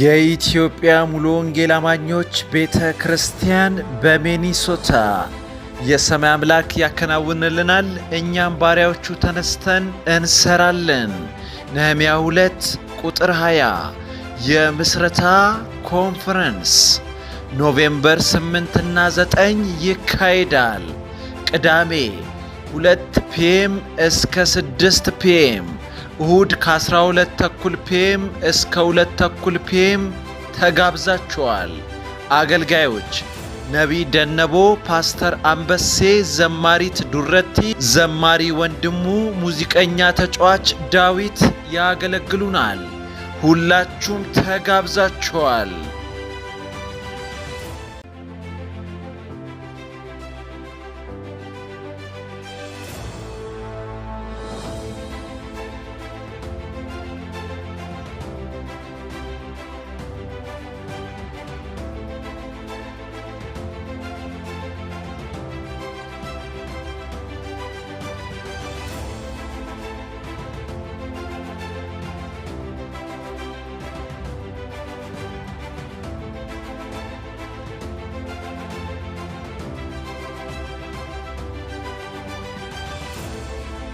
የኢትዮጵያ ሙሉ ወንጌል አማኞች ቤተ ክርስቲያን በሚኒሶታ የሰማይ አምላክ ያከናውንልናል፣ እኛም ባሪያዎቹ ተነስተን እንሰራለን። ነህምያ 2 ቁጥር 20 የምስረታ ኮንፈረንስ ኖቬምበር 8 እና 9 ይካሄዳል። ቅዳሜ 2 ፒኤም እስከ 6 ፒኤም እሁድ ከ12 ተኩል ፒኤም እስከ 2 ተኩል ፒኤም ተጋብዛችኋል። አገልጋዮች ነቢይ ደነቦ፣ ፓስተር አንበሴ፣ ዘማሪት ዱረቲ፣ ዘማሪ ወንድሙ፣ ሙዚቀኛ ተጫዋች ዳዊት ያገለግሉናል። ሁላችሁም ተጋብዛችኋል።